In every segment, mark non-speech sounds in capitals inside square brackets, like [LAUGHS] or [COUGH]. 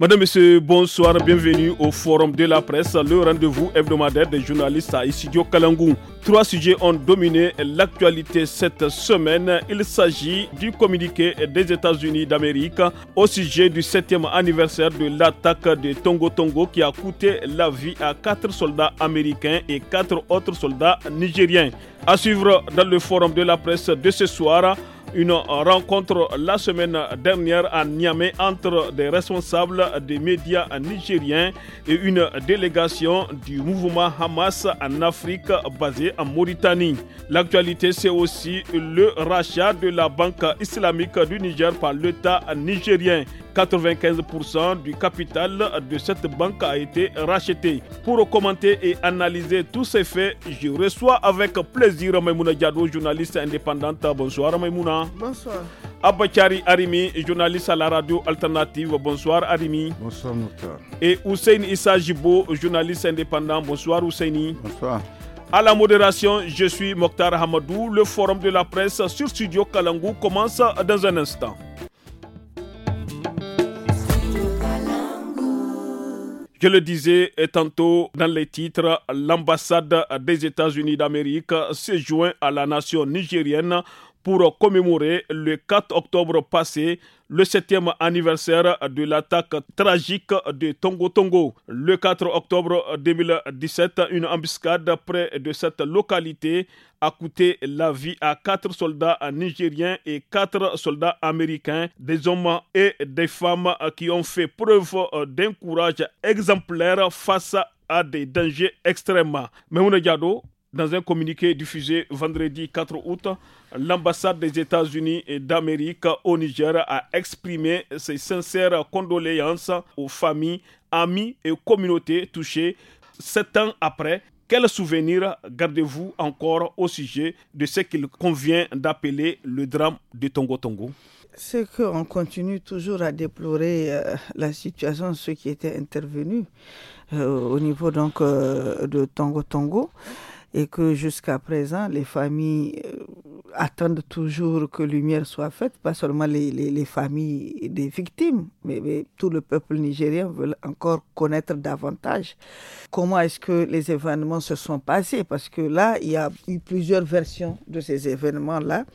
Madame, Messieurs, bonsoir, bienvenue au Forum de la presse, le rendez-vous hebdomadaire des journalistes à Isidio Kalangou. Trois sujets ont dominé l'actualité cette semaine. Il s'agit du communiqué des États-Unis d'Amérique au sujet du 7e anniversaire de l'attaque de Tongo Tongo qui a coûté la vie à quatre soldats américains et quatre autres soldats nigériens. À suivre dans le Forum de la presse de ce soir. Une rencontre la semaine dernière à Niamey entre des responsables des médias nigériens et une délégation du mouvement Hamas en Afrique basée en Mauritanie. L'actualité, c'est aussi le rachat de la Banque islamique du Niger par l'État nigérien. 95% du capital de cette banque a été racheté. Pour commenter et analyser tous ces faits, je reçois avec plaisir Maimouna Diado, journaliste indépendante. Bonsoir Maimouna. Bonsoir. Abachari Arimi, journaliste à la radio alternative. Bonsoir Arimi. Bonsoir Mokhtar. Et Hussein Issa Jibo, journaliste indépendant. Bonsoir Husseini. Bonsoir. À la modération, je suis Mokhtar Hamadou. Le forum de la presse sur Studio Kalangou commence dans un instant. Je le disais tantôt dans les titres, l'ambassade des États-Unis d'Amérique se joint à la nation nigérienne pour commémorer le 4 octobre passé le 7e anniversaire de l'attaque tragique de Tongo Tongo. Le 4 octobre 2017, une embuscade près de cette localité a coûté la vie à quatre soldats nigériens et quatre soldats américains, des hommes et des femmes qui ont fait preuve d'un courage exemplaire face à des dangers extrêmes. Mais on dans un communiqué diffusé vendredi 4 août, l'ambassade des États-Unis et d'Amérique au Niger a exprimé ses sincères condoléances aux familles, amis et communautés touchées sept ans après. Quels souvenirs gardez-vous encore au sujet de ce qu'il convient d'appeler le drame de Tongo Tongo C'est qu'on continue toujours à déplorer euh, la situation, ce qui était intervenu euh, au niveau donc euh, de Tongo Tongo et que jusqu'à présent, les familles euh, attendent toujours que lumière soit faite, pas seulement les, familles des victimes, mais, tout le peuple nigérien veut encore connaître davantage comment est-ce que les événements se sont passés, parce que là, il y a eu plusieurs versions de ces événements-là,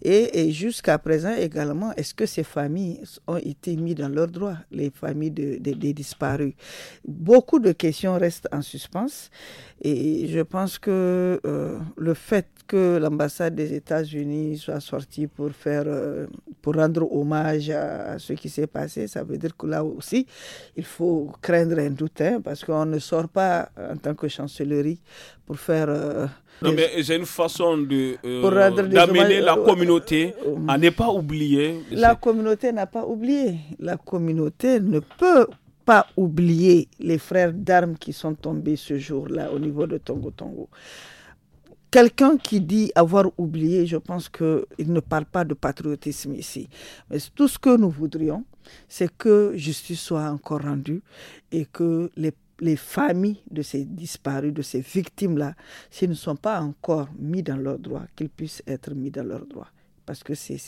et, jusqu'à présent également, est-ce que ces familles ont été mises dans leurs droits, les familles de, des disparus Beaucoup de questions restent en suspens, et je pense que euh, le fait que l'ambassade des États-Unis soit sortie pour faire, euh, pour rendre hommage à, ce qui s'est passé, ça veut dire que là aussi, il faut craindre un doute, hein, parce qu'on ne sort pas en tant que chancellerie pour faire. Euh, non, mais c'est une façon de d'amener la communauté à ne pas oublier. La communauté n'a pas oublié. La communauté ne peut pas oublier les frères d'armes qui sont tombés ce jour-là au niveau de Tongo Tongo. Quelqu'un qui dit avoir oublié, je pense qu'il ne parle pas de patriotisme ici. Mais tout ce que nous voudrions, c'est que justice soit encore rendue et que les familles de ces disparus, de ces victimes-là, s'ils ne sont pas encore mis dans leurs droits, qu'ils puissent être mis dans leurs droits. Parce que c'est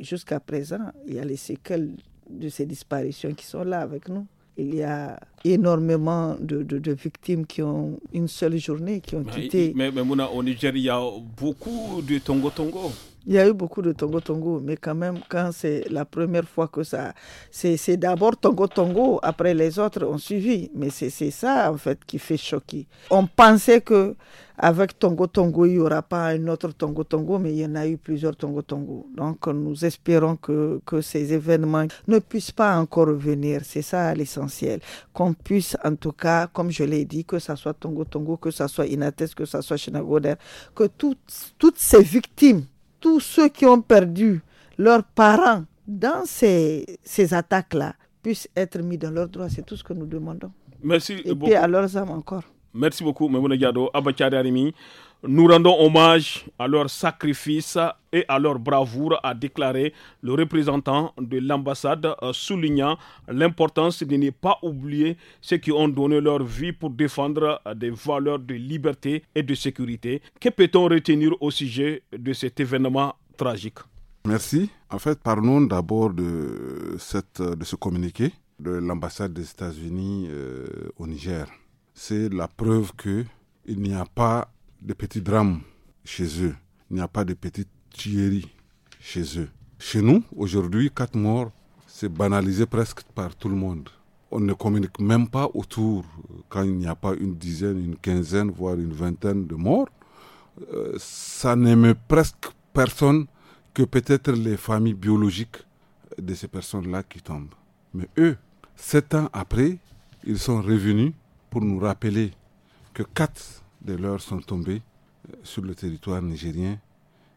jusqu'à présent, il y a les séquelles de ces disparitions qui sont là avec nous. Il y a énormément de, de, victimes qui ont une seule journée, qui ont mais, quitté. Mais, mais, Niger, a, au Nigeria, beaucoup de Tongo Tongo. Il y a eu beaucoup de Tongo Tongo, mais quand même, quand c'est la première fois que ça. C'est d'abord Tongo Tongo, après les autres ont suivi. Mais c'est ça, en fait, qui fait choquer. On pensait que avec Tongo Tongo, il n'y aura pas un autre Tongo Tongo, mais il y en a eu plusieurs Tongo Tongo. Donc, nous espérons que, que ces événements ne puissent pas encore venir. C'est ça l'essentiel. Qu'on puisse, en tout cas, comme je l'ai dit, que ça soit Tongo Tongo, que ça soit Inates, que ça soit Shinagoder, que toutes, toutes ces victimes tous ceux qui ont perdu leurs parents dans ces, attaques-là puissent être mis dans leurs droits. C'est tout ce que nous demandons. Merci beaucoup. Et à leurs âmes encore. Merci beaucoup, Mme nous rendons hommage à leur sacrifice et à leur bravoure, a déclaré le représentant de l'ambassade, euh, soulignant l'importance de ne pas oublier ceux qui ont donné leur vie pour défendre euh, des valeurs de liberté et de sécurité. Que peut-on retenir au sujet de cet événement tragique Merci. En fait, parlons d'abord de, cette, de ce communiqué de l'ambassade des États-Unis euh, au Niger. C'est la preuve que il n'y a pas de petits drames chez eux. Il n'y a pas de petites tueries chez eux. Chez nous, aujourd'hui, quatre morts, c'est banalisé presque par tout le monde. On ne communique même pas autour quand il n'y a pas une dizaine, une quinzaine, voire une vingtaine de morts. Euh, ça n'aime presque personne que peut-être les familles biologiques de ces personnes-là qui tombent. Mais eux, sept ans après, ils sont revenus pour nous rappeler que quatre des leurs sont tombés euh, sur le territoire nigérien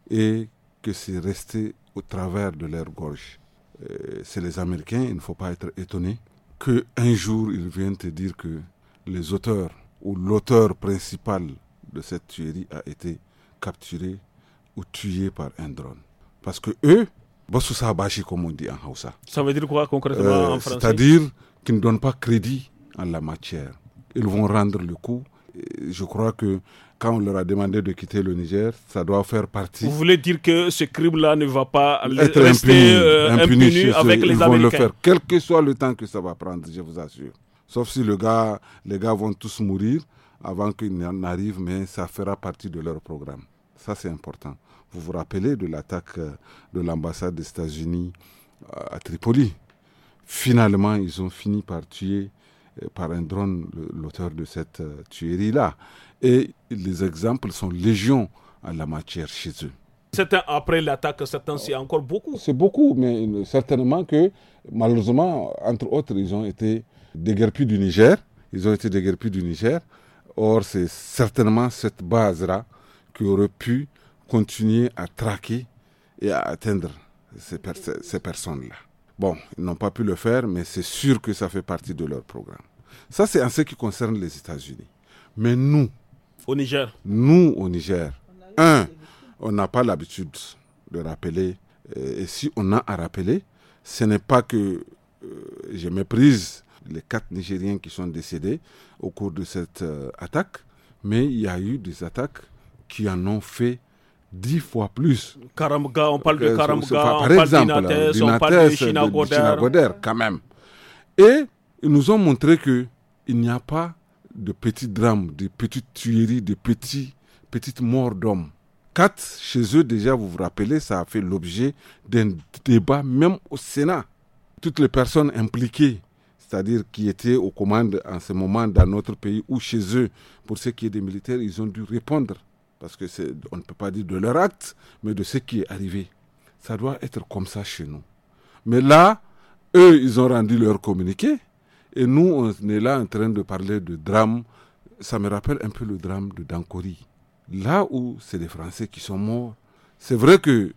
et que c'est resté au travers de leur gorge. Euh, c'est les Américains, il ne faut pas être étonné, qu'un jour ils viennent te dire que les auteurs ou l'auteur principal de cette tuerie a été capturé ou tué par un drone. Parce que eux, comme on dit en Hausa. Ça veut dire quoi concrètement euh, en français C'est-à-dire qu'ils ne donnent pas crédit en la matière. Ils vont rendre le coup je crois que quand on leur a demandé de quitter le Niger, ça doit faire partie. Vous voulez dire que ce crime-là ne va pas être rester impuni, euh, avec les ils vont le faire, quel que soit le temps que ça va prendre, je vous assure. Sauf si le gars, les gars vont tous mourir avant qu'ils n'arrivent, mais ça fera partie de leur programme. Ça, c'est important. Vous vous rappelez de l'attaque euh, de l'ambassade des États-Unis euh, à Tripoli. Finalement, ils ont fini par tuer euh, par un drone l'auteur de cette euh, tuerie-là. Et les exemples sont légion en la matière chez eux. Certains, après l'attaque, certains, c'est encore beaucoup. C'est beaucoup, mais euh, certainement que, malheureusement, entre autres, ils ont été déguerpis du Niger. Ils ont été déguerpis du Niger. Or, c'est certainement cette base-là qui aurait pu continuer à traquer et à atteindre ces personnes-là. Bon, ils n'ont pas pu le faire, mais c'est sûr que ça fait partie de leur programme. Ça, c'est en ce qui concerne les États-Unis. Mais nous, au Niger, nous au Niger, un, on n'a pas l'habitude de rappeler. Euh, et si on a à rappeler, ce n'est pas que euh, je méprise les quatre Nigériens qui sont décédés au cours de cette euh, attaque, mais il y a eu des attaques qui en ont fait dix fois plus. Karamga, on parle de Karamga, on, parle on parle de China Goder, quand même. Et ils nous ont montré que il n'y a pas de petits drames, de petites tueries, de petits, petites morts d'hommes. Quatre, chez eux déjà, vous vous rappelez, ça a fait l'objet d'un débat même au Sénat. Toutes les personnes impliquées, c'est-à-dire qui étaient aux commandes en ce moment dans notre pays ou chez eux, pour ce qui est des militaires, ils ont dû répondre. Parce que on ne peut pas dire de leur acte, mais de ce qui est arrivé. Ça doit être comme ça chez nous. Mais là, eux, ils ont rendu leur communiqué. Et nous, on est là en train de parler de drame. Ça me rappelle un peu le drame de Dankori. Là où c'est des Français qui sont morts. C'est vrai que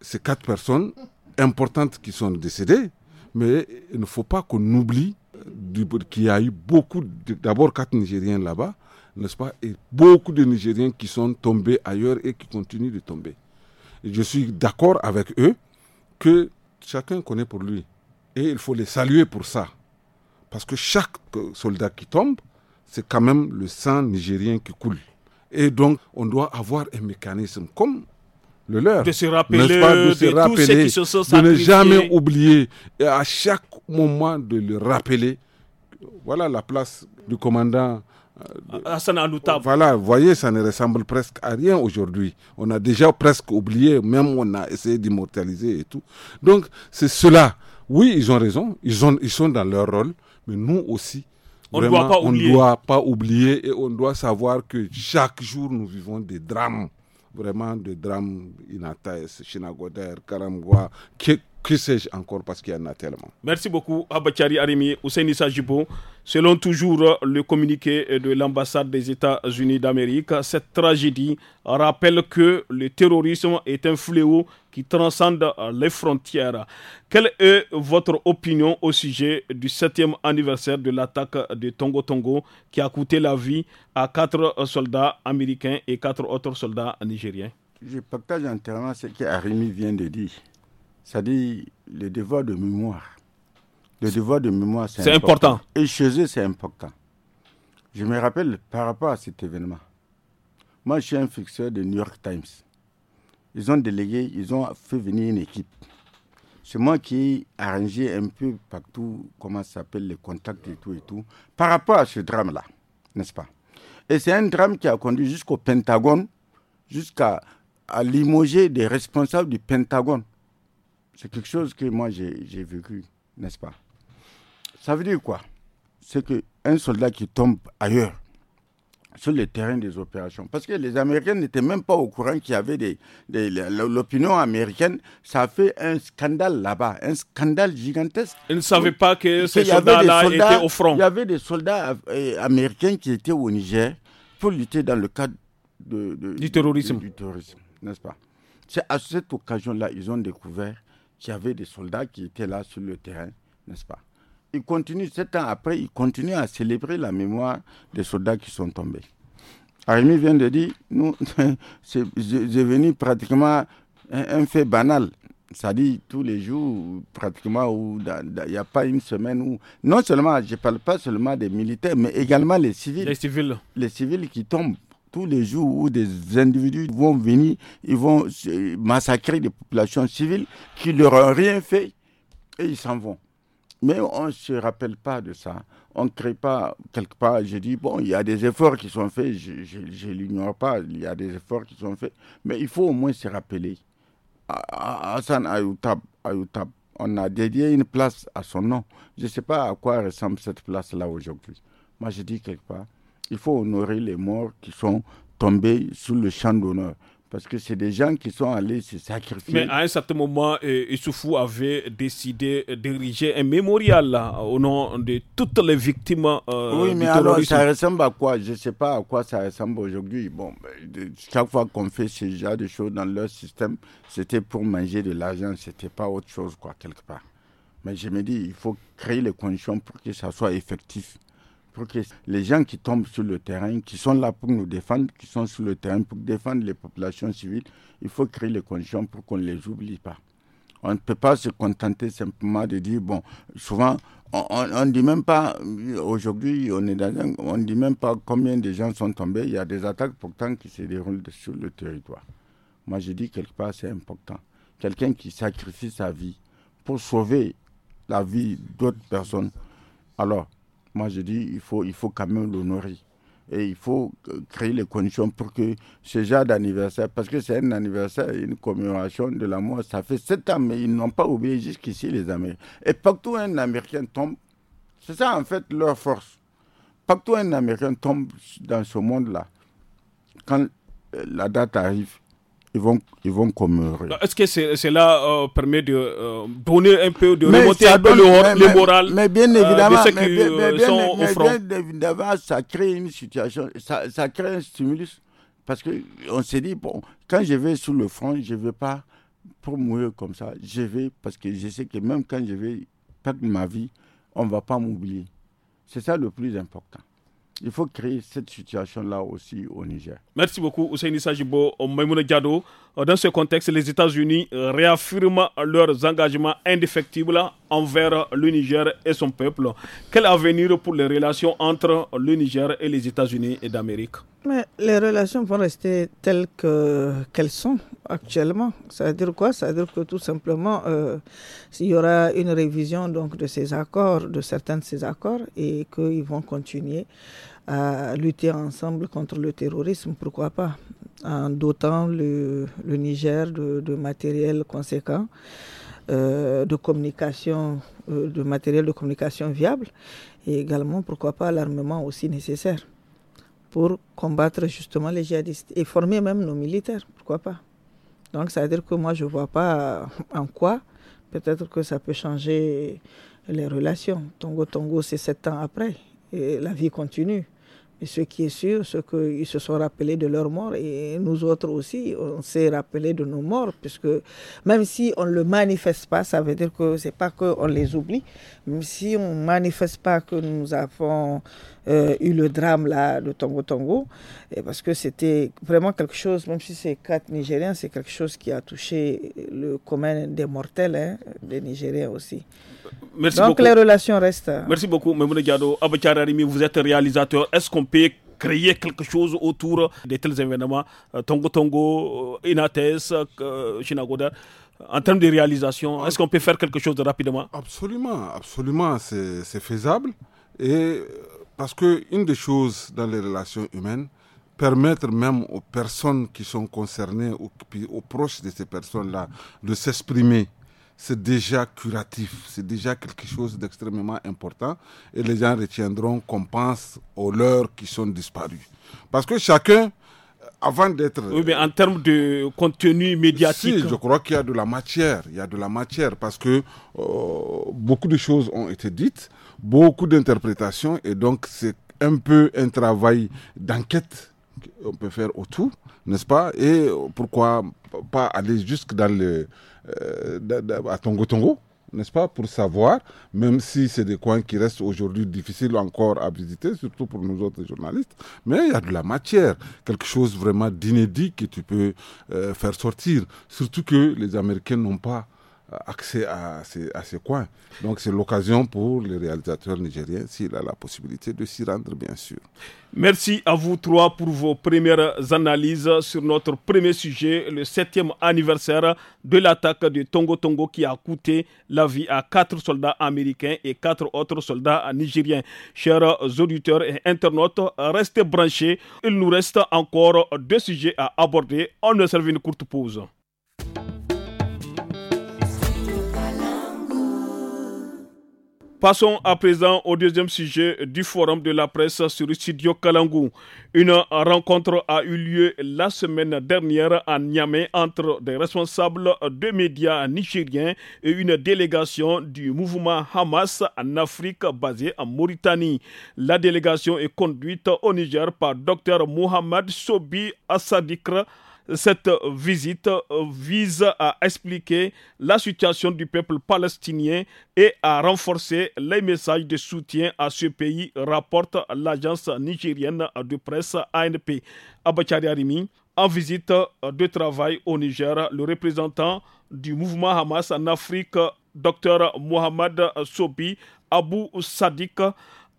ces quatre personnes importantes qui sont décédées, mais il ne faut pas qu'on oublie qu'il y a eu beaucoup, d'abord quatre Nigériens là-bas, n'est-ce pas, et beaucoup de Nigériens qui sont tombés ailleurs et qui continuent de tomber. Et je suis d'accord avec eux que chacun connaît pour lui. Et il faut les saluer pour ça. Parce que chaque soldat qui tombe, c'est quand même le sang nigérien qui coule. Et donc, on doit avoir un mécanisme comme le leur. De se rappeler, de, se qui se sont de ne jamais oublier. Et à chaque moment, de le rappeler. Voilà la place du commandant. Euh, Hassan Alouta. Voilà, vous voyez, ça ne ressemble presque à rien aujourd'hui. On a déjà presque oublié, même on a essayé d'immortaliser et tout. Donc, c'est cela. Oui, ils ont raison, ils sont dans leur rôle, mais nous aussi, on on ne doit pas oublier et on doit savoir que chaque jour nous vivons des drames. Vraiment des drames, inataes, Chinagoder, karamoua, que, que sais-je encore parce qu'il y en a tellement. Merci beaucoup, Abachari Arimi, Ousseini Sajibo. Selon toujours le communiqué de l'ambassade des États-Unis d'Amérique, cette tragédie rappelle que le terrorisme est un fléau qui transcende les frontières. Quelle est votre opinion au sujet du septième anniversaire de l'attaque de Tongo Tongo qui a coûté la vie à quatre soldats américains et quatre autres soldats nigériens Je partage entièrement ce qu'Arimi vient de dire, c'est-à-dire le devoir de mémoire le devoir de mémoire, c'est important. Et chez eux, c'est important. Je me rappelle par rapport à cet événement. Moi, je suis un fixeur de New York Times. Ils ont délégué, ils ont fait venir une équipe. C'est moi qui ai arrangé un peu partout comment ça s'appelle les contacts et tout et tout par rapport à ce drame-là, n'est-ce pas Et c'est un drame qui a conduit jusqu'au Pentagone, jusqu'à à limoger des responsables du Pentagone. C'est quelque chose que moi j'ai vécu, n'est-ce pas ça veut dire quoi C'est qu'un soldat qui tombe ailleurs, sur le terrain des opérations. Parce que les Américains n'étaient même pas au courant qu'il y avait des... L'opinion américaine, ça a fait un scandale là-bas, un scandale gigantesque. Ils ne savaient pas que ces soldats-là étaient au front. Il y avait des soldats euh, américains qui étaient au Niger pour lutter dans le cadre du terrorisme. terrorisme, n'est-ce pas C'est à cette occasion-là, ils ont découvert qu'il y avait des soldats qui étaient là sur le terrain, n'est-ce pas il continue, sept ans après, il continue à célébrer la mémoire des soldats qui sont tombés. Arimi vient de dire, nous, [LAUGHS] c'est devenu pratiquement un, fait banal. Ça dit tous les jours, pratiquement, où il n'y a pas une semaine où. Non seulement, je ne parle pas seulement des militaires, mais également les civils. Les civils. Les civils qui tombent tous les jours où des individus vont venir, ils vont massacrer des populations civiles qui ne leur ont rien fait et ils s'en vont. Mais on ne se rappelle pas de ça. On ne crée pas, quelque part, je dis, bon, il y a des efforts qui sont faits, je ne l'ignore pas, il y a des efforts qui sont faits, mais il faut au moins se rappeler. Ah, ah, Hassan Ayoutab, on a dédié une place à son nom. Je ne sais pas à quoi ressemble cette place-là aujourd'hui. Moi, je dis quelque part, il faut honorer les morts qui sont tombés sous le champ d'honneur parce que c'est des gens qui sont allés se sacrifier. Mais à un certain moment, eh, Issoufou avait décidé d'ériger un mémorial au nom de toutes les victimes euh, Oui, mais alors ça ressemble à quoi Je ne sais pas à quoi ça ressemble aujourd'hui. Bon, ben, chaque fois qu'on fait ce genre de choses dans leur système, c'était pour manger de l'argent, c'était pas autre chose, quoi, quelque part. Mais je me dis, il faut créer les conditions pour que ça soit effectif pour que les gens qui tombent sur le terrain, qui sont là pour nous défendre, qui sont sur le terrain pour défendre les populations civiles, il faut créer les conditions pour qu'on ne les oublie pas. On ne peut pas se contenter simplement de dire, bon, souvent, on ne dit même pas, aujourd'hui, on est dans on ne dit même pas combien de gens sont tombés. Il y a des attaques pourtant qui se déroulent sur le territoire. Moi, je dis quelque part, c'est important. Quelqu'un qui sacrifie sa vie pour sauver la vie d'autres personnes. Alors, moi je dis il faut, il faut quand même l'honorer. Et il faut euh, créer les conditions pour que ce genre d'anniversaire, parce que c'est un anniversaire, une commémoration de la mort, ça fait sept ans, mais ils n'ont pas oublié jusqu'ici les Américains. Et partout un Américain tombe, c'est ça en fait leur force. Partout un Américain tombe dans ce monde-là, quand euh, la date arrive, ils vont, ils vont euh, euh, Est-ce que cela euh, permet de donner un peu, de remonter un peu le, moral mais, bien évidemment, ceux qui sont au front. bien ça crée une situation, ça, ça crée un stimulus. Parce qu'on s'est dit, bon, quand je vais sur le front, je ne vais pas pour mourir comme ça. Je vais parce que je sais que même quand je vais perdre ma vie, on ne va pas m'oublier. C'est ça le plus important. Il faut créer cette situation-là aussi au Niger. Merci beaucoup, Ousseini Sajibo, Maimouna Diado. Euh, dans ce contexte, les États-Unis euh, réaffirment leurs engagements indéfectibles envers le Niger et son peuple. Quel avenir pour les relations entre le Niger et les États-Unis et d'Amérique mais les relations vont rester telles que qu'elles sont actuellement. Ça veut dire quoi Ça veut dire que tout simplement, euh, il y aura une révision donc de ces accords, de certains de ces accords, et qu'ils vont continuer à lutter ensemble contre le terrorisme, pourquoi pas, en dotant le, Niger de, matériel conséquent. Euh, de communication, euh, de matériel de communication viable et également, pourquoi pas, l'armement aussi nécessaire pour combattre justement les djihadistes et former même nos militaires, pourquoi pas. Donc ça veut dire que moi je ne vois pas en quoi peut-être que ça peut changer les relations. Tongo Tongo, c'est sept ans après et la vie continue. Mais ce qui est sûr, c'est qu'ils se sont rappelés de leur mort et nous autres aussi, on s'est rappelés de nos morts, puisque même si on ne le manifeste pas, ça veut dire que ce n'est pas qu'on les oublie, même si on ne manifeste pas que nous avons euh, eu le drame là, le Tongo Tongo, et parce que c'était vraiment quelque chose, même si c'est quatre Nigériens, c'est quelque chose qui a touché le commun des mortels, hein, des Nigériens aussi. Donc les relations restent. Merci beaucoup, Memoune Diado. Arimi, vous êtes réalisateur. Est-ce qu'on peut créer quelque chose autour de tels événements euh, Tongo Tongo, euh, Inates, Chinagoda en termes de réalisation, est-ce qu'on peut faire quelque chose rapidement Absolument, absolument, c'est faisable. Et parce qu'une des choses dans les relations humaines, permettre même aux personnes qui sont concernées, aux, aux proches de ces personnes-là, de s'exprimer, c'est déjà curatif, c'est déjà quelque chose d'extrêmement important et les gens retiendront qu'on pense aux leurs qui sont disparus. Parce que chacun, euh, avant d'être... Oui, mais en termes de contenu médiatique... Si, je crois qu'il y a de la matière, il y a de la matière parce que euh, beaucoup de choses ont été dites beaucoup d'interprétations et donc c'est un peu un travail d'enquête qu'on peut faire autour, n'est-ce pas Et pourquoi pas aller jusque dans le euh, à Tongo Tongo n'est-ce pas, pour savoir, même si c'est des coins qui restent aujourd'hui difficiles encore à visiter, surtout pour nous autres journalistes, mais il y a de la matière, quelque chose vraiment d'inédit que tu peux euh, faire sortir, surtout que les Américains n'ont pas accès à ces, à coins. Donc c'est l'occasion pour les réalisateurs nigériens, s'il a la possibilité, de s'y rendre, bien sûr. Merci à vous trois pour vos premières analyses sur notre premier sujet, le septième anniversaire de l'attaque de Tongo Tongo qui a coûté la vie à quatre soldats américains et quatre autres soldats nigériens. Chers auditeurs et internautes, restez branchés. Il nous reste encore deux sujets à aborder. On nous servira une courte pause. Passons à présent au deuxième sujet du forum de la presse sur Studio Kalangou. Une rencontre a eu lieu la semaine dernière à Niamey entre des responsables de médias nigériens et une délégation du mouvement Hamas en Afrique basée en Mauritanie. La délégation est conduite au Niger par Dr Mohamed Sobi Asadikra, cette euh, visite euh, vise à expliquer la situation du peuple palestinien et à renforcer les messages de soutien à ce pays, rapporte l'agence nigérienne de presse ANP. Abachari Arimi, en visite euh, de travail au Niger, le représentant du mouvement Hamas en Afrique, Dr Mohamed Sobi Abou Sadik,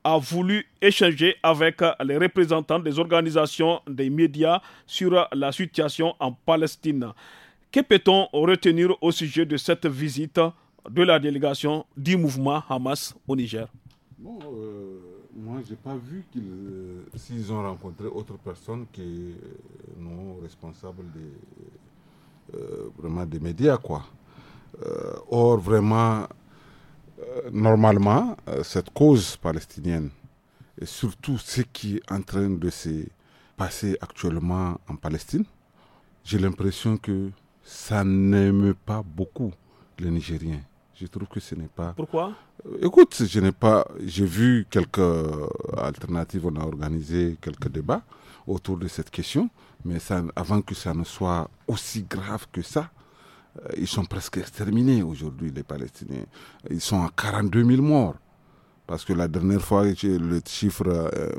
a voulu échanger avec les représentants des organisations des médias sur la situation en Palestine. Que peut-on retenir au sujet de cette visite de la délégation du mouvement Hamas au Niger bon, euh, Moi, je n'ai pas vu qu'ils euh, s'ils ont rencontré autre personne que euh, sont responsables responsable des, vraiment des médias. quoi. or, vraiment, euh, normalement, euh, cette cause palestinienne, et surtout ce qui est en train de se passer actuellement en Palestine, j'ai l'impression que ça n'aime pas beaucoup les Nigériens. Je trouve que ce n'est pas. Pourquoi euh, Écoute, je n'ai pas. J'ai vu quelques alternatives. On a organisé quelques débats autour de cette question, mais avant que ça ne soit aussi grave que ça, euh, ils sont presque exterminés aujourd'hui, les Palestiniens. Ils sont à 42 000 morts. Parce que la dernière fois, le chiffre euh,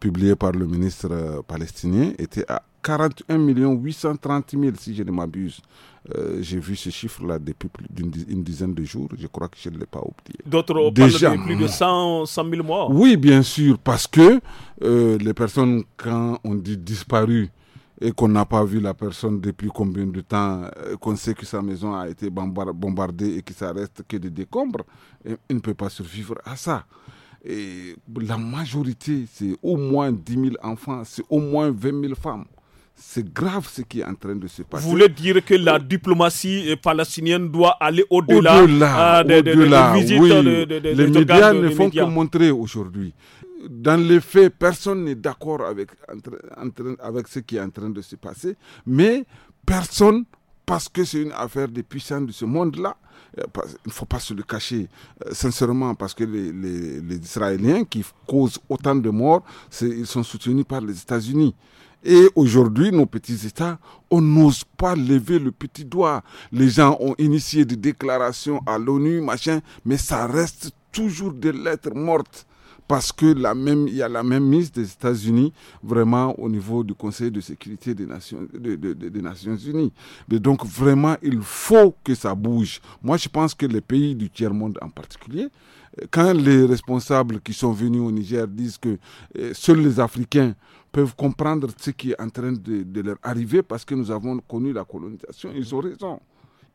publié par le ministre euh, palestinien était à 41 830 000, si je ne m'abuse. J'ai vu ce chiffre-là depuis une d'une dizaine de jours. Je crois que je ne l'ai pas oublié. D'autres parlent de plus de 100, 100, 000 morts. Oui, bien sûr, parce que les personnes, quand on dit disparues, et qu'on n'a pas vu la personne depuis combien de temps, euh, qu'on sait que sa maison a été bombardée et que ça reste que des décombres, il ne peut pas survivre à ça. Et la majorité, c'est au moins 10 000 enfants, c'est au moins 20 000 femmes. C'est grave ce qui est en train de se passer. Vous voulez dire que la diplomatie palestinienne doit aller au-delà au euh, de, la de, oui. Les médias ne font que montrer aujourd'hui dans les faits, personne n'est d'accord avec, avec ce qui est en train de se passer, mais personne parce que c'est une affaire des puissants de ce monde-là. Euh, il ne faut pas se le cacher, euh, sincèrement, parce que les, les Israéliens qui causent autant de morts, ils sont soutenus par les États-Unis. Et aujourd'hui, nos petits États, on n'ose pas lever le petit doigt. Les gens ont initié des déclarations à l'ONU, machin, mais ça reste toujours des lettres mortes parce que la même, il y a la même mise des États-Unis vraiment au niveau du Conseil de sécurité des Nations, des Nations Unies. Mais donc vraiment, il faut que ça bouge. Moi, je pense que les pays du tiers-monde en particulier, euh, quand les responsables qui sont venus au Niger disent que euh, seuls les Africains peuvent comprendre ce qui est en train de, de leur arriver parce que nous avons connu la colonisation, ils ont raison.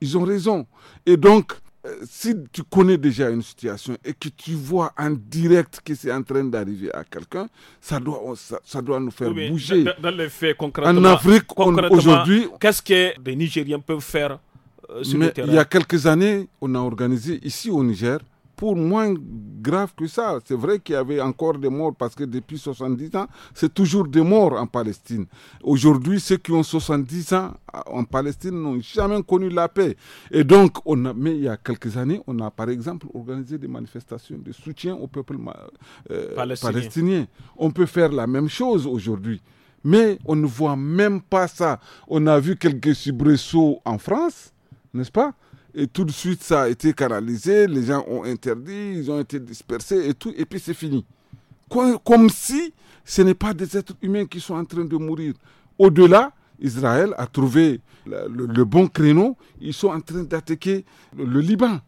Ils ont raison. Et donc, euh, si tu connais déjà une situation et que tu vois en direct que c'est en train d'arriver à quelqu'un, ça doit, ça, doit nous faire bouger. Dans, les faits, concrètement, en Afrique, aujourd'hui. Qu'est-ce que les Nigériens peuvent faire euh, sur le terrain Il y a quelques années, on a organisé ici au Niger pour moins grave que ça. C'est vrai qu'il y avait encore des morts parce que depuis 70 ans, c'est toujours des morts en Palestine. Aujourd'hui, ceux qui ont 70 ans ah, en Palestine n'ont jamais connu la paix. Et donc, on a, mais il y a quelques années, on a par exemple organisé des manifestations de soutien au peuple euh, palestinien. On peut faire la même chose aujourd'hui. Mais on ne voit même pas ça. On a vu quelques soubresauts en France, n'est-ce pas et tout de suite, ça a été canalisé, les gens ont interdit, ils ont été dispersés et tout, et puis c'est fini. Comme, si ce n'est pas des êtres humains qui sont en train de mourir. Au-delà, Israël a trouvé le, bon créneau, ils sont en train d'attaquer le, Liban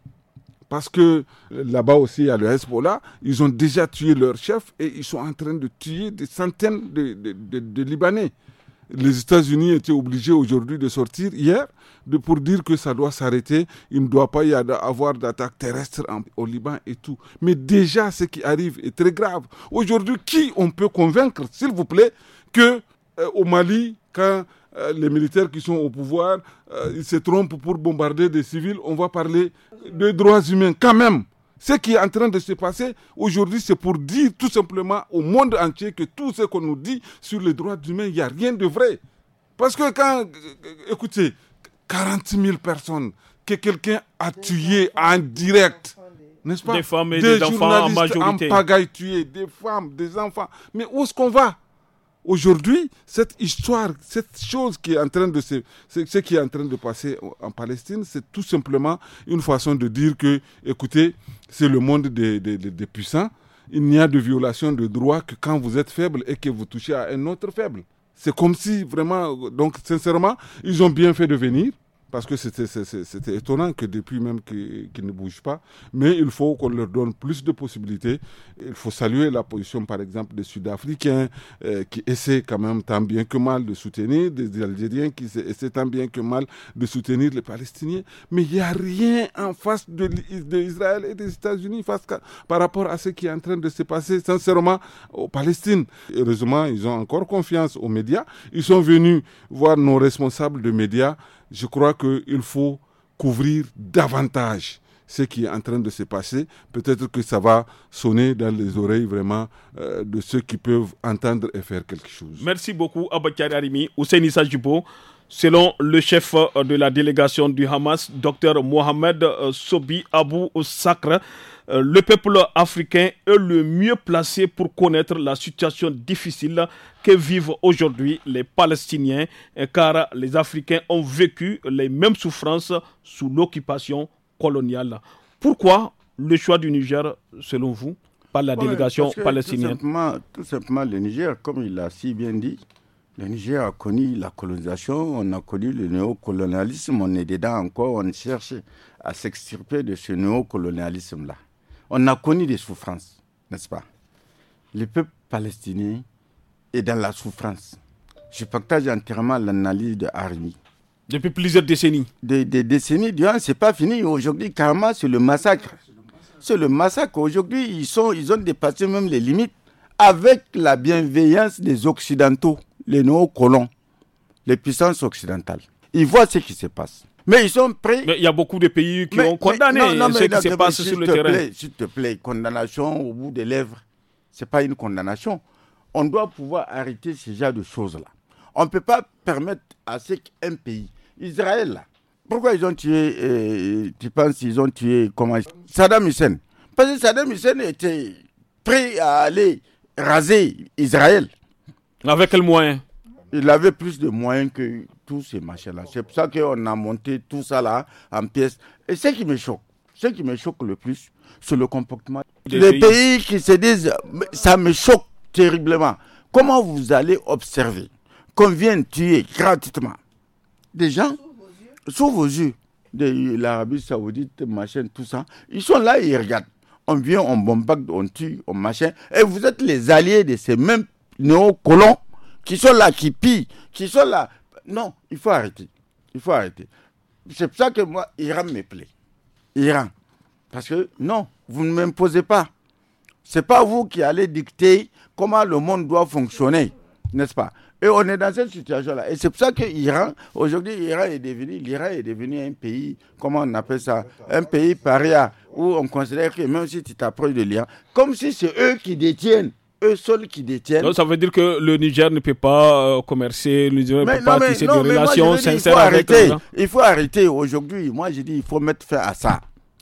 parce que euh, là-bas aussi, il y a le Hezbollah, ils ont déjà tué leur chef et ils sont en train de tuer des centaines de Libanais les États-Unis étaient obligés aujourd'hui de sortir hier de, pour dire que ça doit s'arrêter, il ne doit pas y avoir d'attaque terrestre au Liban et tout. Mais déjà, ce qui arrive est très grave. Aujourd'hui, qui on peut convaincre, s'il vous plaît, que euh, au Mali, quand euh, les militaires qui sont au pouvoir, euh, ils se trompent pour bombarder des civils, on va parler de droits humains quand même. Ce qui est en train de se passer aujourd'hui, c'est pour dire tout simplement au monde entier que tout ce qu'on nous dit sur les droits humains, il n'y a rien de vrai. Parce que quand, euh, écoutez, 40 000 personnes que quelqu'un a tuées en direct, n'est-ce pas Des femmes et des, enfants en majorité. En pagaille tués, des femmes, des enfants. Mais où est-ce qu'on va Aujourd'hui, cette histoire, cette chose qui est en train de se, ce qui est en train de passer en Palestine, c'est tout simplement une façon de dire que, écoutez, c'est le monde des, des puissants. Il n'y a de violation de droit que quand vous êtes faible et que vous touchez à un autre faible. C'est comme si vraiment, donc sincèrement, ils ont bien fait de venir parce que c'était étonnant que depuis même qu'ils ne bougent pas, mais il faut qu'on leur donne plus de possibilités. Il faut saluer la position, par exemple, des Sud-Africains euh, qui essaient quand même tant bien que mal de soutenir, des Algériens qui essaient tant bien que mal de soutenir les Palestiniens, mais il n'y a rien en face de, de Israël et des États-Unis par rapport à ce qui est en train de se passer, sincèrement, aux Palestine. Heureusement, ils ont encore confiance aux médias. Ils sont venus voir nos responsables de médias je crois qu'il faut couvrir davantage ce qui est en train de se passer. Peut-être que ça va sonner dans les oreilles vraiment euh, de ceux qui peuvent entendre et faire quelque chose. Merci beaucoup, Abakari Arimi, Hussein Issa Selon le chef euh, de la délégation du Hamas, Dr Mohamed euh, Sobi Abu Sakra, euh, le peuple africain est le mieux placé pour connaître la situation difficile que vivent aujourd'hui les Palestiniens, euh, car les Africains ont vécu les mêmes souffrances sous l'occupation coloniale. Pourquoi le choix du Niger, selon vous, par la délégation palestinienne tout simplement, tout simplement, le Niger, comme il l'a si bien dit, le Niger a connu la colonisation, on a connu le néocolonialisme, on est dedans encore, on cherche à s'extirper de ce néocolonialisme-là. On a connu des souffrances, n'est-ce pas Le peuple palestinien est dans la souffrance. Je partage entièrement l'analyse de Harmi. Depuis plusieurs décennies. Des, décennies durant, c'est pas fini. Aujourd'hui, carrément, c'est le massacre. C'est le massacre. Aujourd'hui, ils, ils ont dépassé même les limites avec la bienveillance des Occidentaux, les colons, les puissances occidentales. Ils voient ce qui se passe. Mais ils sont prêts. Mais il y a beaucoup de pays qui ont condamné non, non, ce qui sur le terrain. S'il te plaît, condamnation au bout des lèvres, ce n'est pas une condamnation. On doit pouvoir arrêter ce genre de choses-là. On ne peut pas permettre à ce qu'un pays, Israël, pourquoi ils ont tué, euh, tu penses, ils ont tué comment, Saddam Hussein Parce que Saddam Hussein était prêt à aller raser Israël. Avec quel moyen Il avait plus de moyens que tous ces machins-là. C'est pour ça qu'on a monté tout ça là en pièces. Et ce qui me choque, ce qui me choque le plus, c'est le comportement. Des Les pays. qui se disent, ça me choque terriblement. Comment vous allez observer qu'on vient tuer gratuitement des gens sous vos yeux de l'Arabie Saoudite, machin, tout ça. Ils sont là, ils regardent. On vient, on bombarde, on tue, on machin. Et vous êtes les alliés de ces mêmes néocolons qui sont là, qui pillent, qui sont là, non, il faut arrêter. Il faut arrêter. C'est pour ça que moi, Iran me plaît. Iran. Parce que non, vous ne m'imposez pas. Ce n'est pas vous qui allez dicter comment le monde doit fonctionner, n'est-ce pas Et on est dans cette situation-là. Et c'est pour ça que l'Iran, aujourd'hui, l'Iran est l'Iran est devenu un pays, comment on appelle ça Un pays paria, où on considère que même si tu t'approches de l'Iran, comme si c'est eux qui détiennent eux seuls qui détiennent. ça veut dire que le Niger ne peut pas euh, commercer, le Niger ne peut pas tisser des relations sincères avec arrêter. Eux, il faut arrêter aujourd'hui. Moi, je dis, il faut mettre fin à ça.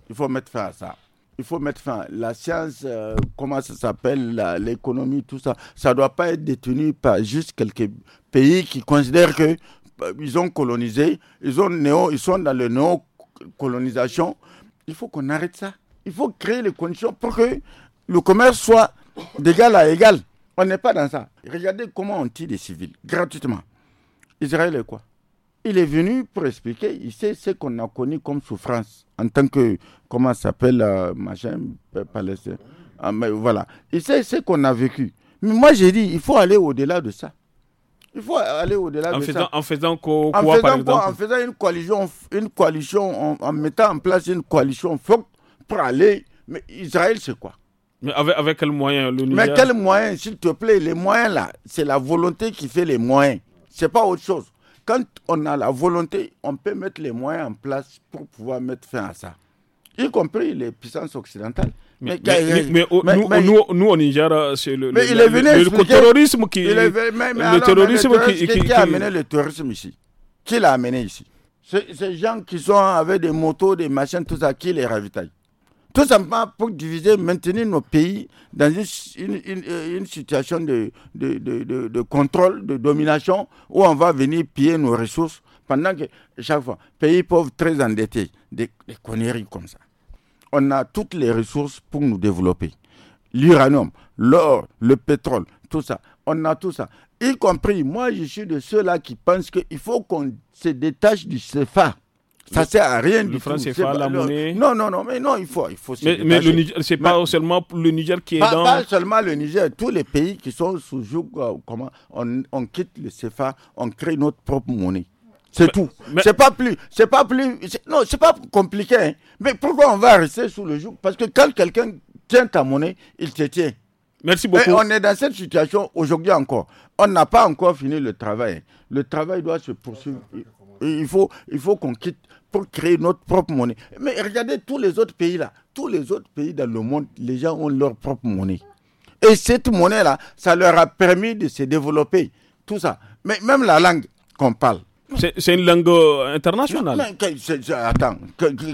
Il faut mettre fin à ça. Il faut mettre fin. La science, euh, comment ça s'appelle, l'économie, tout ça, ça ne doit pas être détenu par juste quelques pays qui considèrent que euh, ils ont colonisé, ils, néo, ils sont dans le néo-colonisation. Il faut qu'on arrête ça. Il faut créer les conditions pour que le commerce soit d'égal à égal. On n'est pas dans ça. Regardez comment on tire des civils gratuitement. Israël est quoi Il est venu pour expliquer, il sait ce qu'on a connu comme souffrance en tant que, comment ça s'appelle, euh, machin, euh, palestinien. Ah, mais voilà. Il sait ce qu'on a vécu. Mais moi, j'ai dit, il faut aller au-delà de ça. Il faut aller au-delà de ça. En faisant quoi, en faisant, en faisant une coalition, une coalition en, en, mettant en place une coalition forte pour aller. Mais Israël, c'est quoi mais avec, quel moyen Mais quel moyen, s'il te plaît Les moyens là, c'est la volonté qui fait les moyens. C'est pas autre chose. Quand on a la volonté, on peut mettre les moyens en place pour pouvoir mettre fin à ça. Y compris les puissances occidentales. Mais, nous, au Niger, c'est le, le, terrorisme qui. le terrorisme qui, qui, a amené le terrorisme ici Qui l'a amené ici ces, ces gens qui sont avec des motos, des machines, tout ça, qui les ravitaillent tout simplement pour diviser, maintenir nos pays dans une, euh, situation de, contrôle, de domination, où on va venir piller nos ressources pendant que chaque fois, pays pauvres très endettés, des, conneries comme ça. On a toutes les ressources pour nous développer. L'uranium, l'or, le pétrole, tout ça. On a tout ça. Y compris, moi, je suis de ceux-là qui pensent qu'il faut qu'on se détache du CFA ça sert à rien le du franc CFA, la monnaie. Non, non, non, mais non, il faut. Il faut mais, mais le c'est pas seulement le Niger qui est dans. Pas seulement le Niger, tous les pays qui sont sous joug, euh, comment, on, quitte le CFA, on crée notre propre monnaie. C'est tout. C'est pas plus, c'est pas plus, non, c'est pas compliqué. Hein. Mais pourquoi on va rester sous le joug Parce que quand quelqu'un tient ta monnaie, il te tient. Merci beaucoup. Mais on est dans cette situation aujourd'hui encore. On n'a pas encore fini le travail. Le travail doit se poursuivre il faut, il faut qu'on quitte pour créer notre propre monnaie. Mais regardez tous les autres pays là, tous les autres pays dans le monde, les gens ont leur propre monnaie. Et cette monnaie là, ça leur a permis de se développer, tout ça. Mais même la langue qu'on parle. C'est une langue euh, internationale. attends,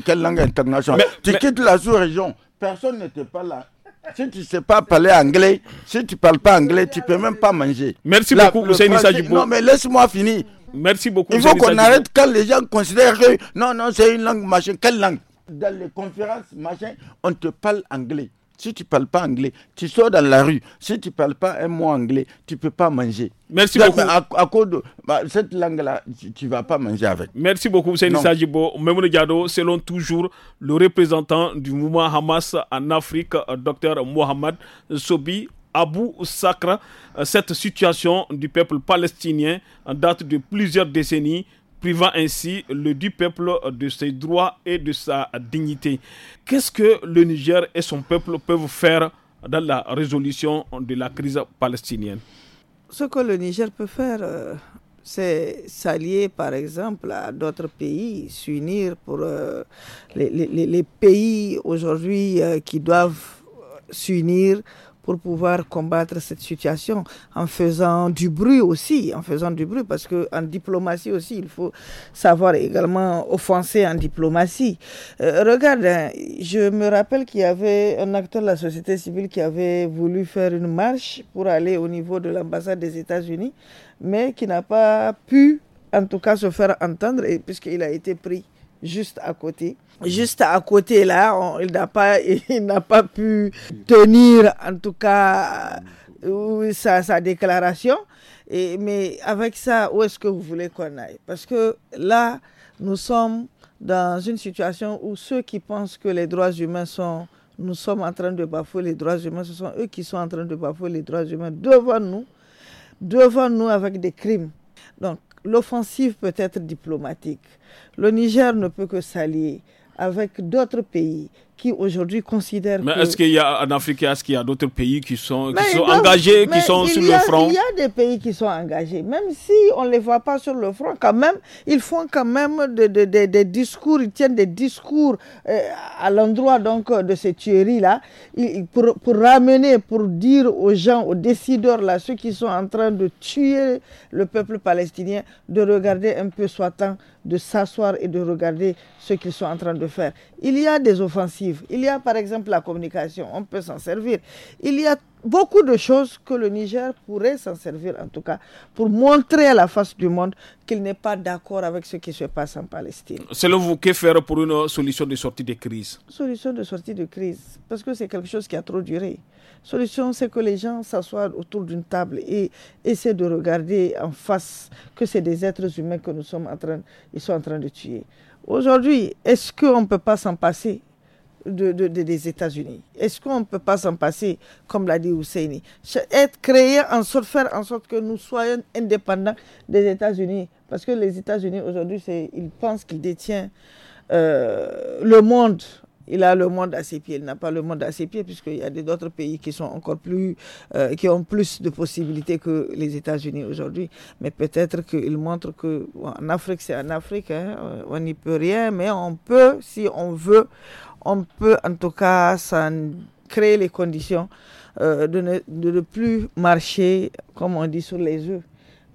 quelle langue internationale Tu quittes la sous-région, personne ne pas là. Si tu ne sais pas parler anglais, si tu ne parles pas anglais, tu ne peux même pas manger. Merci la, beaucoup, Hussein Non, mais laisse-moi finir. Merci beaucoup. Il faut qu'on arrête quand les gens considèrent que non, non, c'est une langue, machin. Quelle langue Dans les conférences, machin, on te parle anglais. Si tu ne parles pas anglais, tu sors dans la rue. Si tu ne parles pas un mot anglais, tu ne peux pas manger. Merci beaucoup. À, cause de bah, cette langue-là, tu ne vas pas manger avec. Merci beaucoup, Hussein Sajibo. Memoune Diado, selon toujours le représentant du mouvement Hamas en Afrique, Dr Mohamed Sobi, Abu Sakra. Euh, cette situation du peuple palestinien en euh, date de plusieurs décennies privant ainsi le du peuple euh, de ses droits et de sa dignité. Qu'est-ce que le Niger et son peuple peuvent faire dans la résolution de la crise palestinienne Ce que le Niger peut faire, c'est s'allier par exemple à d'autres pays, s'unir pour les, pays aujourd'hui qui doivent s'unir pour pouvoir combattre cette situation en faisant du bruit aussi, en faisant du bruit, parce que en diplomatie aussi, il faut savoir également offenser en diplomatie. Euh, regarde, hein, je me rappelle qu'il y avait un acteur de la société civile qui avait voulu faire une marche pour aller au niveau de l'ambassade des États-Unis, mais qui n'a pas pu, en tout cas, se faire entendre, puisqu'il a été pris juste à côté. Juste à côté, là, il n'a pas, [LAUGHS] pas pu tenir, en tout cas, euh, sa, sa déclaration. Et, mais avec ça, où est-ce que vous voulez qu'on aille Parce que là, nous sommes dans une situation où ceux qui pensent que les droits humains sont... Nous sommes en train de bafouer les droits humains. Ce sont eux qui sont en train de bafouer les droits humains devant nous, devant nous avec des crimes. Donc, l'offensive peut être diplomatique. Le Niger ne peut que s'allier avec d'autres pays qui aujourd'hui considèrent. Mais est-ce qu'il y a en Afrique, est-ce qu'il y a d'autres pays qui sont, engagés, qui sont sur le front Il y a des pays qui sont engagés, même si on ne les voit pas sur le front, quand même, ils font quand même des discours, ils tiennent des discours euh, à l'endroit donc de ces tueries-là, pour, pour, ramener, pour dire aux gens, aux décideurs, là, ceux qui sont en train de tuer le peuple palestinien, de regarder un peu soit temps, de s'asseoir et de regarder ce qu'ils sont en train de faire. Il y a des offensives il y a par exemple la communication, on peut s'en servir. Il y a beaucoup de choses que le Niger pourrait s'en servir, en tout cas, pour montrer à la face du monde qu'il n'est pas d'accord avec ce qui se passe en Palestine. Selon vous, que faire pour une solution de sortie de crise Solution de sortie de crise, parce que c'est quelque chose qui a trop duré. Solution, c'est que les gens s'assoient autour d'une table et essaient de regarder en face que c'est des êtres humains que nous sommes en train, ils sont en train de tuer. Aujourd'hui, est-ce qu'on ne peut pas s'en passer des États-Unis. Est-ce qu'on ne peut pas s'en passer, comme l'a dit Husseini Être créé en sorte, faire en sorte que nous soyons indépendants des États-Unis. Parce que les États-Unis, aujourd'hui, ils pensent qu'ils détiennent euh, le monde. Il a le monde à ses pieds. Il n'a pas le monde à ses pieds, puisqu'il y a d'autres pays qui sont encore plus, euh, qui ont plus de possibilités que les États-Unis aujourd'hui. Mais peut-être qu'ils montrent que, en Afrique, c'est en Afrique, hein, on n'y peut rien, mais on peut, si on veut, on peut en tout cas créer les conditions euh, de, ne, de ne plus marcher, comme on dit, sur les œufs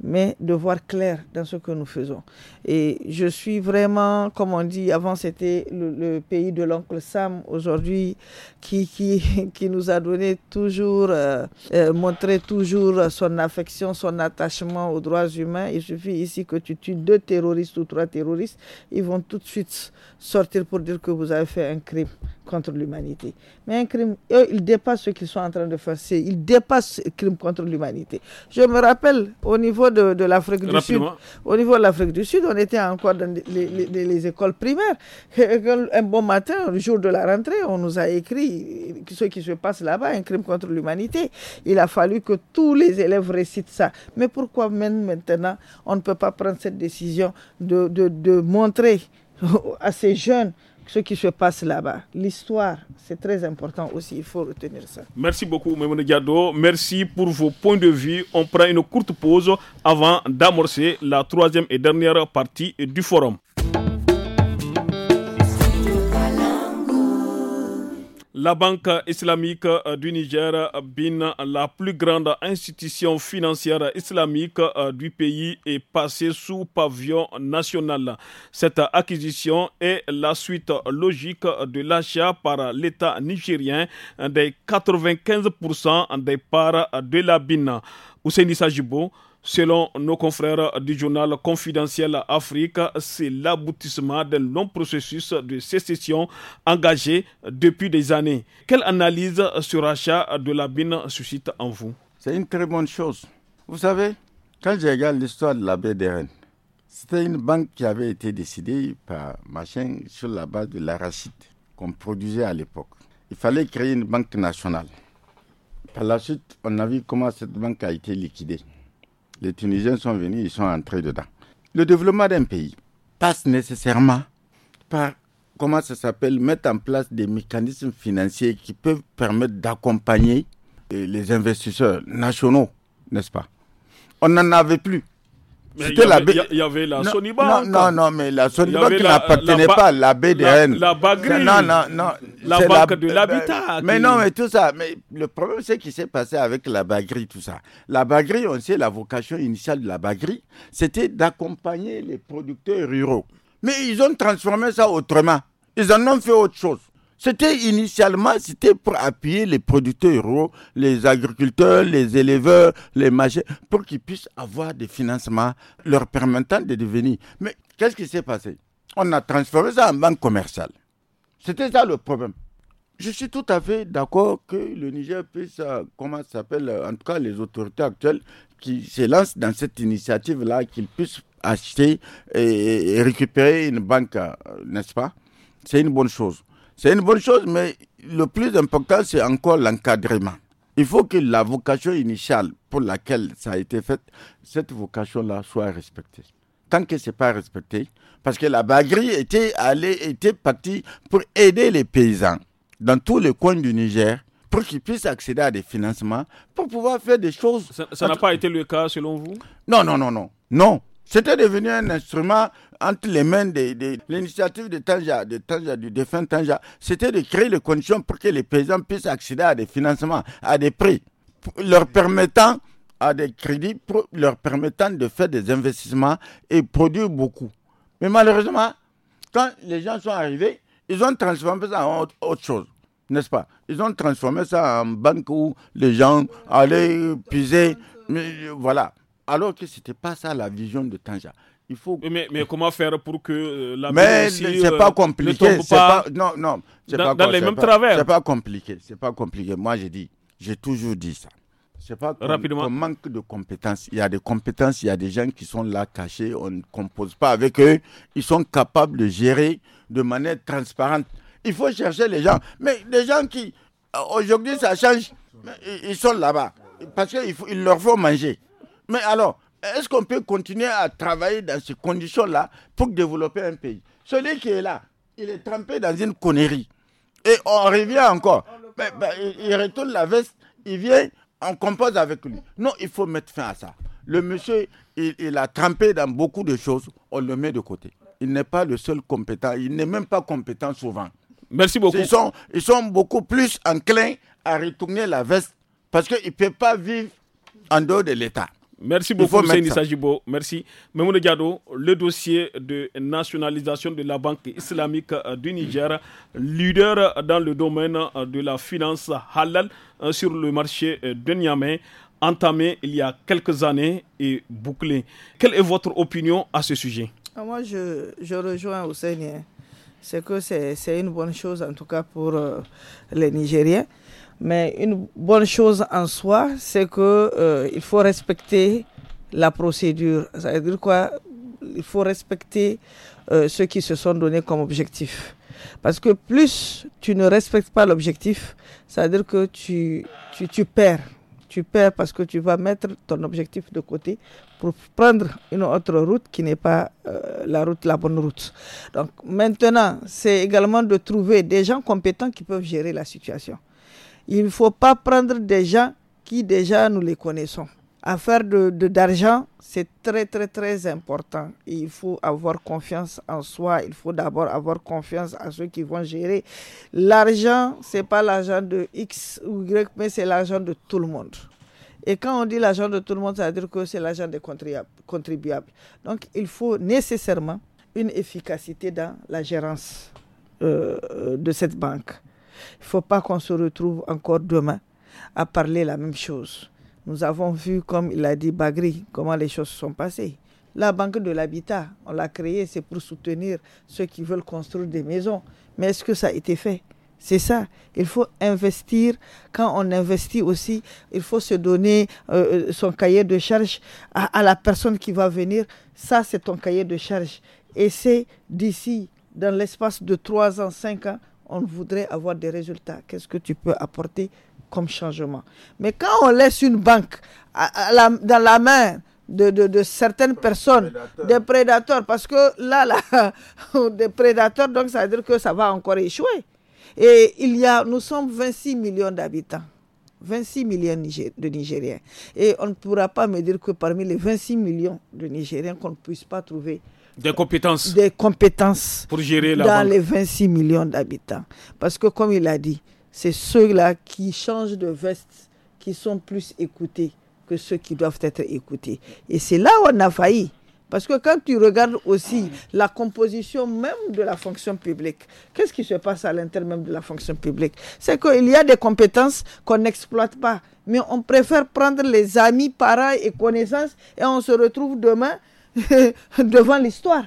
mais de voir clair dans ce que nous faisons. Et je suis vraiment, comme on dit, avant c'était le, pays de l'oncle Sam, aujourd'hui qui, qui, [LAUGHS] qui, nous a donné toujours, euh, euh, montré toujours son affection, son attachement aux droits humains. Il suffit ici que tu tues deux terroristes ou trois terroristes, ils vont tout de suite sortir pour dire que vous avez fait un crime contre l'humanité. Mais un crime, eux, ils dépassent ce qu'ils sont en train de faire, ils dépassent le crime contre l'humanité. Je me rappelle au niveau de, l'Afrique du Sud, au niveau de l'Afrique du Sud, on était encore dans les, écoles primaires. [LAUGHS] Un bon matin, le jour de la rentrée, on nous a écrit ce qui se passe là-bas, un crime contre l'humanité. Il a fallu que tous les élèves récitent ça. Mais pourquoi même maintenant, on ne peut pas prendre cette décision de, de montrer [LAUGHS] à ces jeunes ce qui se passe là-bas. L'histoire, c'est très important aussi, il faut retenir ça. Merci beaucoup, Mme Diado. Merci pour vos points de vue. On prend une courte pause avant d'amorcer la troisième et dernière partie du forum. La Banque islamique euh, du Niger, euh, BIN, la plus grande institution financière islamique euh, du pays, est passée sous pavillon national. Cette acquisition est la suite logique de l'achat par l'État nigérien des 95% des parts de la BIN. Ousseini Selon nos confrères du journal confidentiel Afrique, c'est l'aboutissement d'un long processus de sécession engagé depuis des années. Quelle analyse sur rachat de la Bine suscite en vous C'est une très bonne chose. Vous savez, quand j'ai regardé l'histoire de la BDRN, c'était une banque qui avait été décidée par machin sur la base de l'arachide qu'on produisait à l'époque. Il fallait créer une banque nationale. Par la suite, on a vu comment cette banque a été liquidée. Les Tunisiens sont venus, ils sont entrés dedans. Le développement d'un pays passe nécessairement par, comment ça s'appelle, mettre en place des mécanismes financiers qui peuvent permettre d'accompagner eh, les investisseurs nationaux, n'est-ce pas On n'en avait plus. Il y avait la Non, non, mais la Soniba qui n'appartenait pas la BDN La Bagri. Non, non, non. La banque de l'habitat. Mais non, mais tout ça. Mais le problème, c'est ce qui s'est passé avec la Bagri, tout ça. La Bagri, on sait, la vocation initiale de la Bagri, c'était d'accompagner les producteurs ruraux. Mais ils ont transformé ça autrement. Ils en ont fait autre chose. C'était initialement, c'était pour appuyer les producteurs les agriculteurs, les éleveurs, les machins, pour qu'ils puissent avoir des financements leur permettant de devenir. Mais qu'est-ce qui s'est passé On a transformé ça en banque commerciale. C'était ça le problème. Je suis tout à fait d'accord que le Niger puisse, euh, comment ça s'appelle, euh, en tout cas les autorités actuelles qui se lancent dans cette initiative-là, qu'ils puissent acheter et récupérer une banque, euh, n'est-ce pas C'est une bonne chose. C'est une bonne chose, mais le plus important, c'est encore l'encadrement. Il faut que la vocation initiale pour laquelle ça a été fait, cette vocation-là soit respectée. Tant que ce n'est pas respecté, parce que la baguerie était, allée, était partie pour aider les paysans dans tous les coins du Niger pour qu'ils puissent accéder à des financements pour pouvoir faire des choses. Ça n'a pas été le cas selon vous Non, non, non, non. Non. C'était devenu un instrument entre les mains de, l'initiative de Tanja, de du défunt Tanja, c'était de créer les conditions pour que les paysans puissent accéder à des financements, à des prix, leur permettant à des crédits, leur permettant de faire des investissements et produire beaucoup. Mais malheureusement, quand les gens sont arrivés, ils ont transformé ça en autre, chose, n'est-ce pas Ils ont transformé ça en banque où les gens allaient puiser, mais voilà. Alors que ce n'était pas ça la vision de Tanja mais, comment faire pour que euh, la Mais c'est pas euh, compliqué. Non, non. Dans, les mêmes travers. C'est pas compliqué. C'est pas compliqué. Moi, j'ai dit, j'ai toujours dit ça. C'est pas qu'on manque de compétences. Il y a des compétences, il y a des gens qui sont là cachés, on ne compose pas avec eux. Ils sont capables de gérer de manière transparente. Il faut chercher les gens. Mais les gens qui, euh, aujourd'hui, ça change, ils sont là-bas. Parce qu'il il leur faut manger. Mais alors, est-ce qu'on peut continuer à travailler dans ces conditions-là pour développer un pays Celui qui est là, il est trempé dans une connerie. Et on revient encore. Ben, ben, il retourne la veste, il vient, on compose avec lui. Non, il faut mettre fin à ça. Le monsieur, il, a trempé dans beaucoup de choses, on le met de côté. Il n'est pas le seul compétent, il n'est même pas compétent souvent. Merci beaucoup. Ils sont, ils sont beaucoup plus enclins à retourner la veste parce qu'il ne peut pas vivre en dehors de l'État. Merci beaucoup, Ousseini Sajibo. Merci. Memoune Diado, le dossier de nationalisation de la Banque islamique euh, du Niger, leader dans le domaine euh, de la finance halal euh, sur le marché de Niamey, entamé il y a quelques années et bouclé. Quelle est votre opinion à ce sujet ah, Moi, je, je rejoins Seigneur. Hein. C'est que c'est une bonne chose, en tout cas pour les Nigériens. Mais une bonne chose en soi, c'est que euh, il faut respecter la procédure. Ça veut dire quoi Il faut respecter euh, ceux qui se sont donnés comme objectif. Parce que plus tu ne respectes pas l'objectif, ça veut dire que tu, tu, perds. Tu perds parce que tu vas mettre ton objectif de côté pour prendre une autre route qui n'est pas euh, la route, la bonne route. Donc maintenant, c'est également de trouver des gens compétents qui peuvent gérer la situation. Il ne faut pas prendre des gens qui déjà nous les connaissons. Affaire de d'argent, c'est très très très important. il faut avoir confiance en soi. Il faut d'abord avoir confiance à ceux qui vont gérer. L'argent, c'est pas l'argent de X ou Y, mais c'est l'argent de tout le monde. Et quand on dit l'argent de tout le monde, ça veut dire que c'est l'argent des contribuables. Donc, il faut nécessairement une efficacité dans la gérance euh, de cette banque. Il ne faut pas qu'on se retrouve encore demain à parler la même chose. Nous avons vu, comme il a dit Bagri, comment les choses sont passées. La Banque de l'Habitat, on l'a créée, c'est pour soutenir ceux qui veulent construire des maisons. Mais est-ce que ça a été fait c'est ça. Il faut investir. Quand on investit aussi, il faut se donner euh, euh, son cahier de charge à, la personne qui va venir. Ça, c'est ton cahier de charge. Et c'est d'ici, dans l'espace de 3 ans, 5 ans, on voudrait avoir des résultats. Qu'est-ce que tu peux apporter comme changement Mais quand on laisse une banque dans la main de, certaines personnes, des prédateurs, parce que là, là [LAUGHS] des prédateurs, donc ça veut dire que ça va encore échouer. Et il y a, nous sommes 26 millions d'habitants. 26 millions de Nigériens. Et on ne pourra pas me dire que parmi les 26 millions de Nigériens, qu'on ne puisse pas trouver des compétences. Des compétences. Pour gérer la Dans les 26 millions d'habitants. Parce que, comme il a dit, c'est ceux-là qui changent de veste qui sont plus écoutés que ceux qui doivent être écoutés. Et c'est là où on a failli. Parce que quand tu regardes aussi la composition même de la fonction publique, qu'est-ce qui se passe à l'intérieur même de la fonction publique C'est qu'il y a des compétences qu'on n'exploite pas, mais on préfère prendre les amis, parents et connaissances et on se retrouve demain [LAUGHS] devant l'histoire.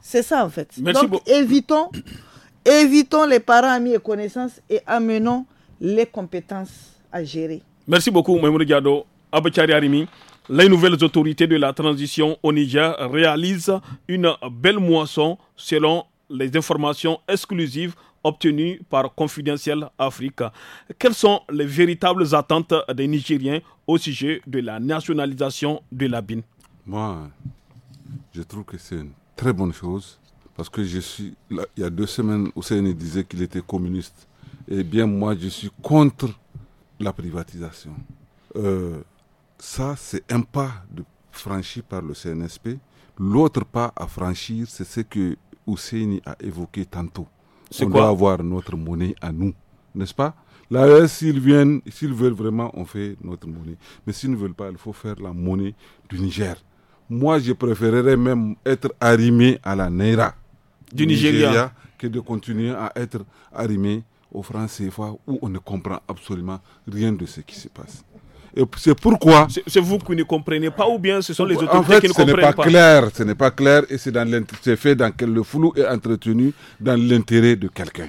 C'est ça en fait. Donc évitons, [COUGHS] évitons les parents, amis et connaissances et amenons les compétences à gérer. Merci beaucoup, Mme Gado. Abachari Arimi. Les nouvelles autorités de la transition au Niger réalisent une belle moisson selon les informations exclusives obtenues par Confidentiel Africa. Quelles sont les véritables attentes des Nigériens au sujet de la nationalisation de la BIN Moi, je trouve que c'est une très bonne chose parce que je suis. il y a deux semaines, Hussein disait qu'il était communiste. Eh bien, moi, je suis contre la privatisation. Euh, ça, c'est un pas de, franchi par le CNSP. L'autre pas à franchir, c'est ce que Hussein a évoqué tantôt. On quoi? doit avoir notre monnaie à nous, n'est-ce pas Là, s'ils viennent, s'ils veulent vraiment, on fait notre monnaie. Mais s'ils ne veulent pas, il faut faire la monnaie du Niger. Moi, je préférerais même être arrimé à la Naira du Nigeria. que de continuer à être arrimé au franc CFA où on ne comprend absolument rien de ce qui se passe. Et c'est pourquoi. C'est vous qui ne comprenez pas ou bien ce sont les autres qui ne comprennent pas, pas. Clair, ce n'est pas clair et c'est fait dans le flou est entretenu dans l'intérêt de quelqu'un.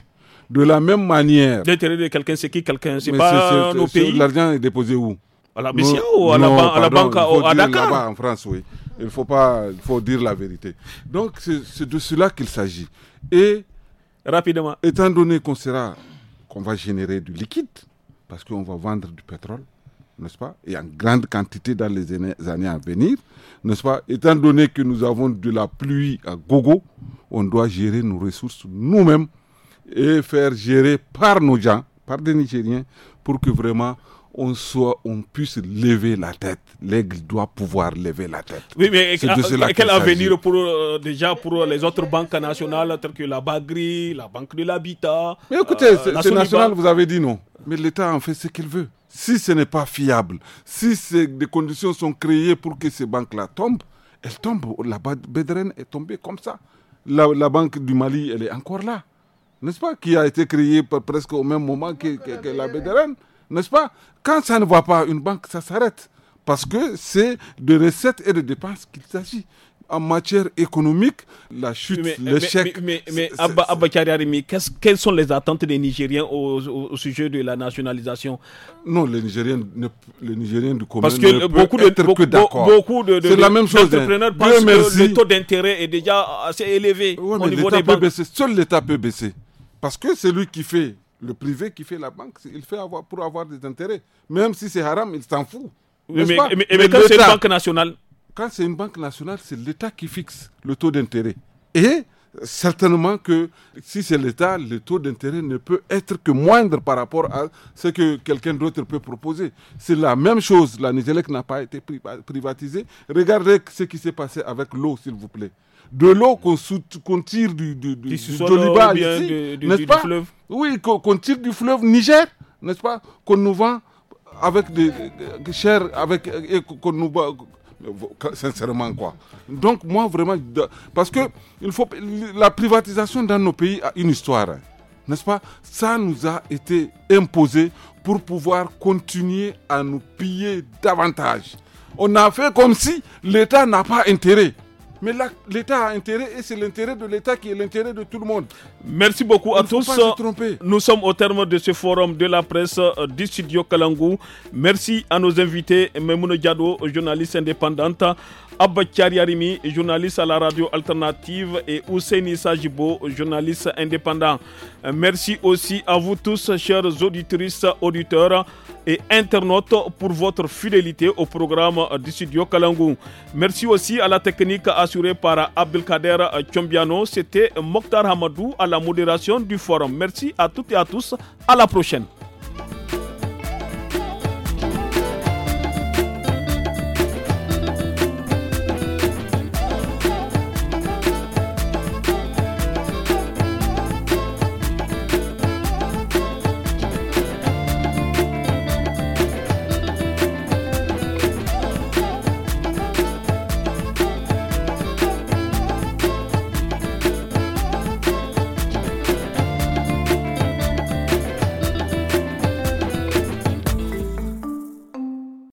De la même manière. L'intérêt de quelqu'un, c'est qui quelqu'un C'est pas nos pays. L'argent est déposé où À la ou à, la, la banque à Dakar en France, oui. Il faut pas, faut dire la vérité. Donc c'est de cela qu'il s'agit. Et rapidement, étant donné qu'on sera, qu'on va générer du liquide, parce qu'on va vendre du pétrole, n'est-ce pas, et en grande quantité dans les années, à venir, n'est-ce pas, étant donné que nous avons de la pluie à gogo, on doit gérer nos ressources nous-mêmes et faire gérer par nos gens, par des Nigériens, pour que vraiment on, soit, on puisse lever la tête. L'aigle doit pouvoir lever la tête. Oui, mais quel avenir pour, euh, déjà pour euh, les autres banques nationales, telles que la Bagri, la Banque de l'Habitat Mais écoutez, euh, c'est national, vous avez dit non. Mais l'État en fait ce qu'il veut. Si ce n'est pas fiable, si des conditions sont créées pour que ces banques-là tombent, elles tombent. La Bédrène est tombée comme ça. La, Banque du Mali, elle est encore là n'est-ce pas, qui a été créé presque au même moment que, la Bédrène n'est-ce pas Quand ça ne va pas, une banque, ça s'arrête. Parce que c'est de recettes et de dépenses qu'il s'agit en matière économique, la chute, l'échec. Mais, mais, Abba, quelles sont les attentes des Nigériens au, sujet de la nationalisation Non, les Nigériens, ne, les Nigériens du Parce que beaucoup, de, beaucoup, de, la même chose, hein. le taux d'intérêt est déjà assez élevé niveau Seul l'État peut baisser. Parce que c'est lui qui fait le privé qui fait la banque, il fait avoir, pour avoir des intérêts. Même si c'est haram, il s'en fout. Mais, quand c'est une banque nationale Quand c'est une banque nationale, c'est l'État qui fixe le taux d'intérêt. Et certainement que si c'est l'État, le taux d'intérêt ne peut être que moindre par rapport à ce que quelqu'un d'autre peut proposer. C'est la même chose. La Nigelec n'a pas été privatisée. Regardez ce qui s'est passé avec l'eau, s'il vous plaît de l'eau qu'on tire du, du, ici, Oui, qu'on tire du fleuve Niger, n'est-ce pas Qu'on nous vend avec des, des avec qu'on nous sincèrement quoi. Donc moi vraiment parce que il faut la privatisation dans nos pays a une histoire, hein, n'est-ce pas Ça nous a été imposé pour pouvoir continuer à nous piller davantage. On a fait comme si l'État n'a pas intérêt. Mais l'État a intérêt et c'est l'intérêt de l'État qui est l'intérêt de tout le monde. Merci beaucoup à tous. Nous sommes au terme de ce forum de la presse euh, du studio Kalangou. Merci à nos invités, Memuno Diado, journaliste indépendante. Abba Kariarimi, journaliste à la radio alternative, et Ousseini Sajibo, journaliste indépendant. Merci aussi à vous tous, chers auditrices, auditeurs et internautes, pour votre fidélité au programme du studio Kalangou. Merci aussi à la technique assurée par Abdelkader Chombiano. C'était Mokhtar Hamadou à la modération du forum. Merci à toutes et à tous. À la prochaine.